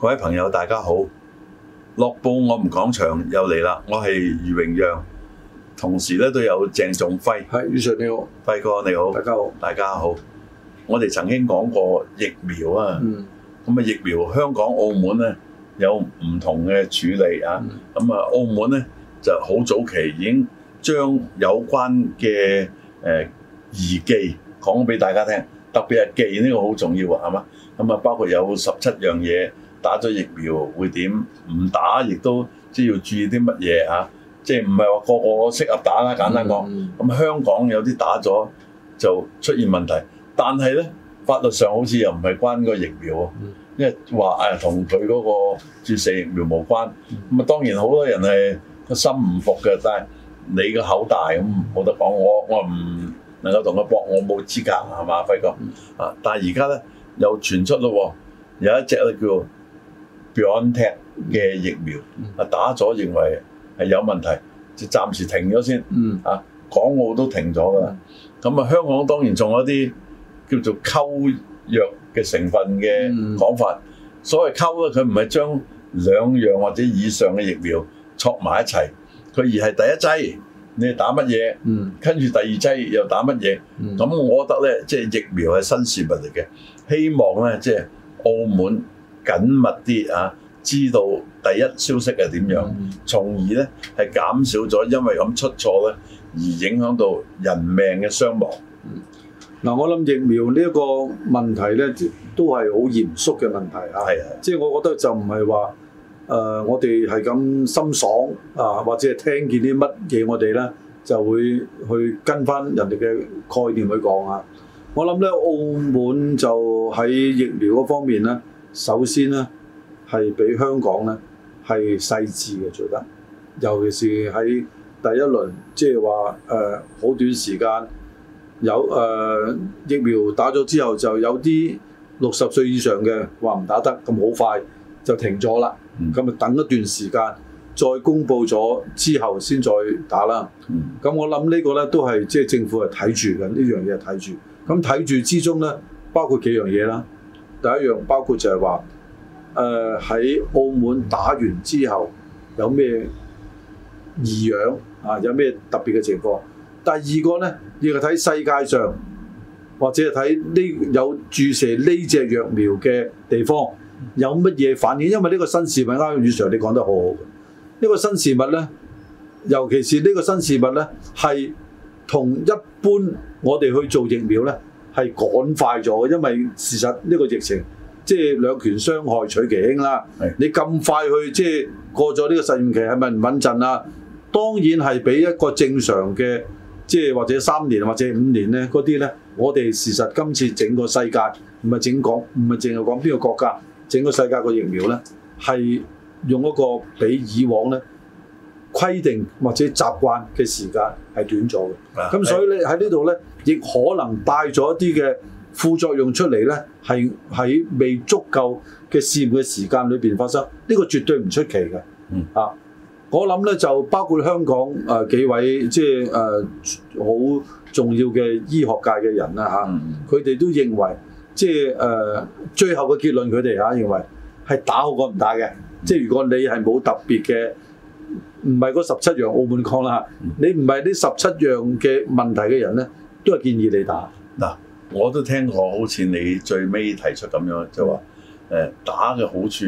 各位朋友，大家好！樂報我唔講場又嚟啦，我係余榮陽，同時咧都有鄭仲輝。係余 Sir 你好，輝哥你好，大家好，大家好。我哋曾經講過疫苗啊，咁啊、嗯、疫苗香港、澳門咧有唔同嘅處理啊。咁啊、嗯嗯、澳門咧就好早期已經將有關嘅誒宜忌講俾大家聽，特別係忌呢個好重要啊，係嘛？咁啊包括有十七樣嘢。打咗疫苗會點？唔打亦都即係要注意啲乜嘢吓？即係唔係話個個適合打啦？簡單講，咁香港有啲打咗就出現問題，但係咧法律上好似又唔係關個疫苗，嗯、因為話誒同佢嗰個注射疫苗無關。咁、嗯、啊、嗯、當然好多人係個心唔服嘅，但係你個口大咁冇、嗯嗯、得講。我我唔能夠同佢搏，我冇資格係嘛，輝哥啊！但係而家咧又傳出咯，有一隻咧叫。BioNTech 嘅疫苗啊，打咗認為係有問題，就暫時停咗先。啊，港澳都停咗噶啦。咁啊，香港當然仲有啲叫做溝藥嘅成分嘅講法。所謂溝咧，佢唔係將兩樣或者以上嘅疫苗錯埋一齊，佢而係第一劑你打乜嘢，跟住第二劑又打乜嘢。咁我覺得咧，即係疫苗係新事物嚟嘅，希望咧即係澳門。緊密啲啊！知道第一消息係點樣，從而咧係減少咗因為咁出錯咧而影響到人命嘅傷亡。嗱，我諗疫苗呢一個問題咧，都係好嚴肅嘅問題啊！係啊！即係我覺得就唔係話誒，我哋係咁心爽啊，或者係聽見啲乜嘢，我哋咧就會去跟翻人哋嘅概念去講啊。我諗咧，澳門就喺疫苗嗰方面咧。首先呢，係比香港呢係細緻嘅做得，尤其是喺第一輪，即係話誒好短時間有誒、呃、疫苗打咗之後，就有啲六十歲以上嘅話唔打得咁好快就停咗啦。咁啊等一段時間再公布咗之後先再打啦。咁我諗呢個呢都係即係政府係睇住嘅呢樣嘢係睇住。咁睇住之中呢，包括幾樣嘢啦。第一樣包括就係話，誒、呃、喺澳門打完之後有咩異樣啊？有咩特別嘅情況？第二個咧，要睇世界上或者係睇呢有注射呢隻藥苗嘅地方有乜嘢反應？因為呢個新事物啱啱余 Sir 你講得好好呢、呢個新事物咧，尤其是呢個新事物咧，係同一般我哋去做疫苗咧。係趕快咗，因為事實呢個疫情，即係兩權傷害取其輕啦。是的 你咁快去即係過咗呢個實驗期係咪唔穩陣啊？當然係比一個正常嘅即係或者三年或者五年呢嗰啲呢。我哋事實今次整個世界唔係整講唔係淨係講邊個國家整個世界個疫苗呢，係用一個比以往呢。規定或者習慣嘅時間係短咗嘅，咁所以咧喺呢度咧亦可能帶咗一啲嘅副作用出嚟咧，係喺未足夠嘅試驗嘅時間裏邊發生，呢、呢個絕對唔出奇嘅。嗯、啊，我諗咧就包括香港誒、呃、幾位即係誒好重要嘅醫學界嘅人啦嚇，佢、啊、哋都認為即係誒、呃、最後嘅結論佢哋、啊，佢哋嚇認為係打好過唔打嘅，嗯、即係如果你係冇特別嘅。唔係嗰十七樣澳門抗啦，嗯、你唔係呢十七樣嘅問題嘅人呢，都係建議你打嗱，我都聽過，好似你最尾提出咁樣，就話誒打嘅好處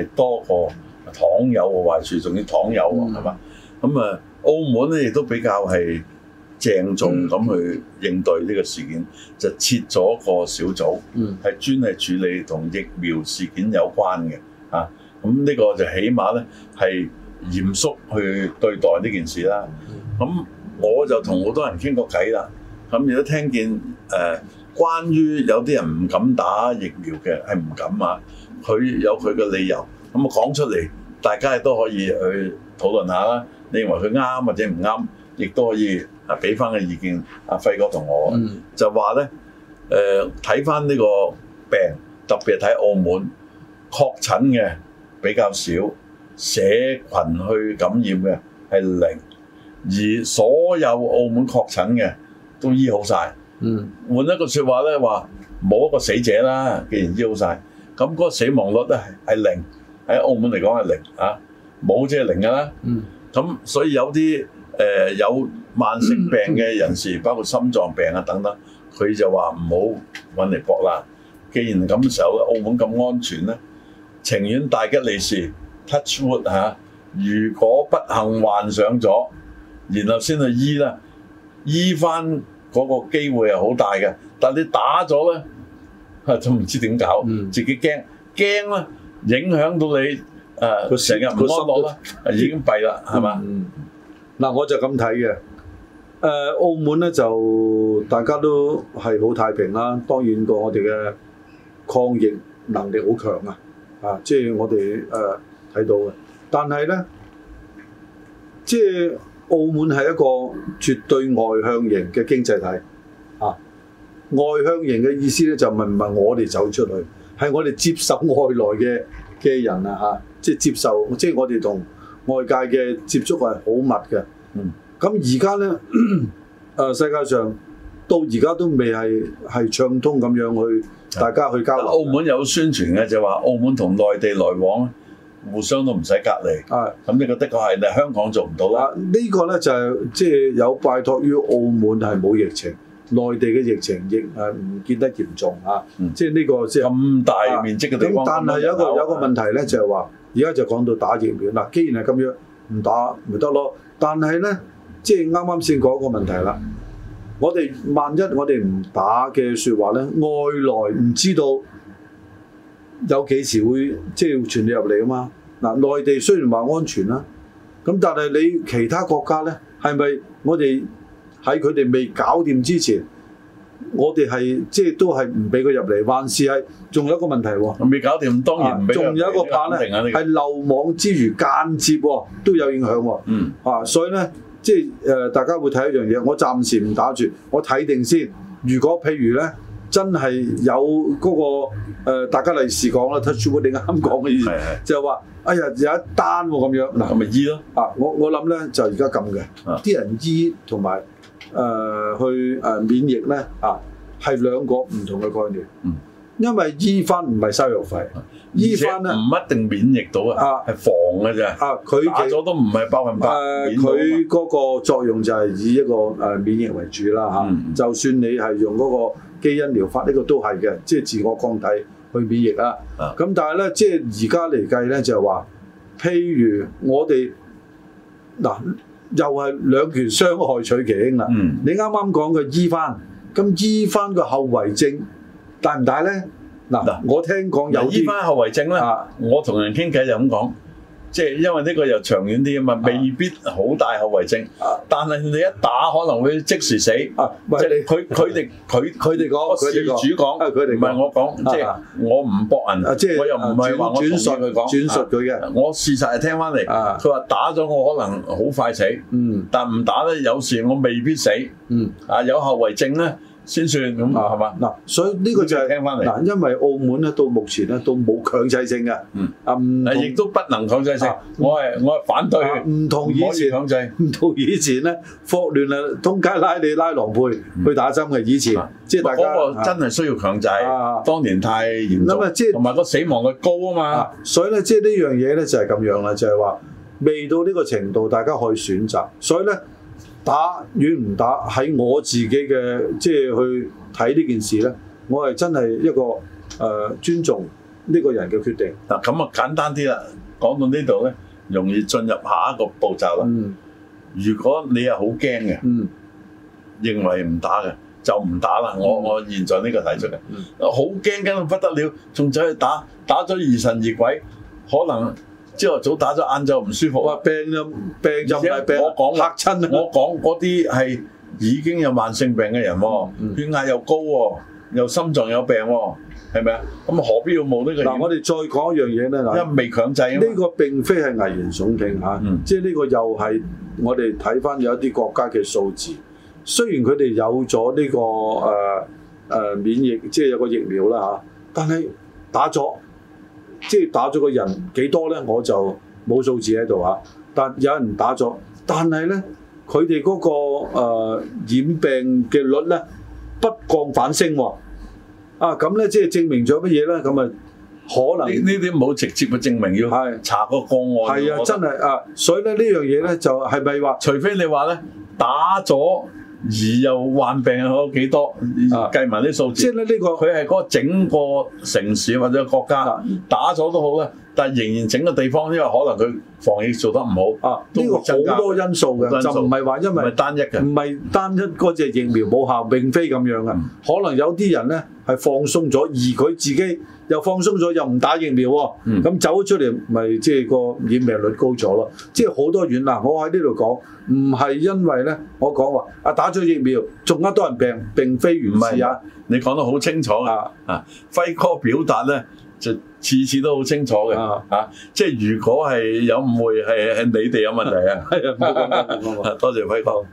係多過糖友，嘅壞處，仲要糖友。啊、嗯，係嘛？咁啊，澳門呢亦都比較係鄭重咁去應對呢個事件，嗯、就設咗個小組，係、嗯、專係處理同疫苗事件有關嘅啊。咁呢個就起碼呢係嚴肅去對待呢件事啦。咁我就同好多人傾過偈啦。咁亦都聽見誒、呃，關於有啲人唔敢打疫苗嘅，係唔敢啊。佢有佢嘅理由，咁啊講出嚟，大家亦都可以去討論一下啦。你認為佢啱或者唔啱，亦都可以啊，俾翻個意見。阿、啊、輝哥同我就話呢，誒睇翻呢個病，特別係睇澳門確診嘅比較少。社羣去感染嘅係零，而所有澳門確診嘅都醫好曬。嗯，換一個説話咧，話冇一個死者啦，既然醫好曬，咁嗰個死亡率都係係零，喺澳門嚟講係零啊，冇即係零㗎啦。嗯，咁所以有啲誒有慢性病嘅人士，包括心臟病啊等等，佢就話唔好搵嚟搏啦。既然咁嘅時候，澳門咁安全咧，情願大吉利是。Touch wood 嚇、啊！如果不幸患上咗，然後先去醫啦，醫翻嗰個機會係好大嘅。但你打咗咧，嚇就唔知點搞，自己驚驚咧，影響到你誒，佢成日唔安樂啦，已經弊啦，係嘛、嗯？嗱吧、嗯，我就咁睇嘅。誒、呃，澳門咧就大家都係好太平啦。當然個我哋嘅抗疫能力好強啊！啊，即係我哋誒。呃睇到嘅，但係呢，即澳門係一個絕對外向型嘅經濟體，啊，外向型嘅意思呢，就唔係我哋走出去，係我哋接受外來嘅嘅人啊嚇，即接受即我哋同外界嘅接觸係好密嘅。咁而家呢咳咳、啊，世界上到而家都未係係暢通咁樣去的大家去交流。澳門有宣傳嘅就話澳門同內地來往互相都唔使隔離，啊，咁呢個的確係，但香港做唔到啦。呢、啊呢個咧就係即係有拜託於澳門係冇疫情，嗯、內地嘅疫情亦係唔見得嚴重啊，即係呢個即係咁大面積嘅地方。嗯、但係有一個、嗯、有一個問題咧，嗯、現在就係話而家就講到打疫苗嗱，既然係咁樣唔打咪得咯，但係咧即係啱啱先講一個問題啦，我哋萬一我哋唔打嘅説話咧，外來唔知道。有幾時會即係傳你入嚟啊嘛？嗱，內地雖然話安全啦，咁但係你其他國家咧，係咪我哋喺佢哋未搞掂之前，我哋係即係都係唔俾佢入嚟？還是係仲有一個問題喎？未搞掂，當然唔俾、仲、啊、有一個怕咧，係漏網之魚間接、啊、都有影響喎、啊。嗯。啊，所以咧，即係、呃、大家會睇一樣嘢。我暫時唔打住，我睇定先。如果譬如咧。真係有嗰、那個、呃、大家例示講啦，睇舒我哋啱講嘅意思，是是就係話哎呀，有一單喎咁樣，嗱咪醫咯啊！我我諗咧就而、啊、家咁嘅，啲人醫同埋誒去誒、呃、免疫咧啊，係兩個唔同嘅概念，嗯、因為醫翻唔係收藥費，而且 醫翻咧唔一定免疫到的啊，係防嘅啫啊，佢其實都唔係百分百，佢嗰個作用就係以一個誒、呃、免疫為主啦嚇，啊嗯、就算你係用嗰、那個。基因療法呢、這個都係嘅，即係自我降底去免疫啦。咁、嗯、但係咧，即係而家嚟計咧，就係話，譬如我哋嗱，又係兩權傷害取其輕啦。嗯、你啱啱講嘅醫翻，咁醫翻個後遺症大唔大咧？嗱，行我聽講有醫翻後遺症咧。啊、我同人傾偈就咁講。即係因為呢個又長遠啲啊嘛，未必好大後遺症。但係你一打可能會即時死。唔係佢佢哋佢佢哋講，佢哋主講，唔係我講。即係我唔博人，即係我又唔係話轉述佢講，轉述佢嘅。我事實係聽翻嚟，佢話打咗我可能好快死。嗯，但唔打咧，有時我未必死。嗯，啊有後遺症咧。先算咁啊，係嘛？嗱，所以呢個就係聽返嚟嗱，因為澳門咧到目前咧都冇強制性嘅，嗯，啊亦都不能強制性。我係我係反對，唔同以前，唔同以前咧霍亂啊，通街拉你拉郎配去打針嘅以前，即係大家真係需要強制。當年太嚴重，同埋個死亡率高啊嘛，所以咧即係呢樣嘢咧就係咁樣啦，就係話未到呢個程度，大家可以選擇。所以咧。打與唔打喺我自己嘅，即係去睇呢件事呢，我係真係一個誒尊重呢個人嘅決定。嗱，咁啊簡單啲啦，講到呢度呢，容易進入下一個步驟啦。嗯，如果你係好驚嘅，嗯，認為唔打嘅就唔打啦。嗯，我我現在呢個提出嘅，好驚驚到不得了，仲走去打，打咗疑神疑鬼，可能。朝頭早打咗，晏晝唔舒服。哇！病就唔係病就係病，我講說嚇親。我講嗰啲係已經有慢性病嘅人、哦，嗯、血壓又高、哦，又心臟有病、哦，係咪啊？咁何必要冇呢個？嗱，我哋再講一樣嘢咧，因為未強制啊，呢個並非係危言聳聽嚇，嗯啊嗯、即係呢個又係我哋睇翻有一啲國家嘅數字。雖然佢哋有咗呢、呢個誒誒、呃呃、免疫，即係有個疫苗啦嚇、啊，但係打咗。即係打咗個人幾多咧，我就冇數字喺度啊，但有人打咗，但係咧佢哋嗰個、呃、染病嘅率咧不降反升喎、啊。啊，咁咧即係證明咗乜嘢咧？咁啊可能呢啲冇直接嘅證明要係查個個案係啊，啊，真係啊，所以咧呢樣嘢咧就係咪話，除非你話咧打咗。而又患病又好幾多？計埋啲數字。即係呢個佢係嗰整個城市或者國家、啊、打咗都好咧。但仍然整個地方，因為可能佢防疫做得唔好都啊。呢、這個好多因素嘅，素就唔係話因為單一嘅，唔係單一嗰隻疫苗冇效，並非咁樣嘅。嗯、可能有啲人咧係放鬆咗，而佢自己又放鬆咗，又唔打疫苗喎、哦。咁、嗯、走出嚟咪即係個染病率高咗咯。即係好多遠啦。我喺呢度講，唔係因為咧，我講話啊打咗疫苗仲呃多人病，並非唔係是啊。你講得好清楚啊啊，輝、啊、哥表達咧。就次次都好清楚嘅，啊，即係如果係有誤會，係係你哋有問題啊，係啊，冇講冇講冇講，多謝輝哥。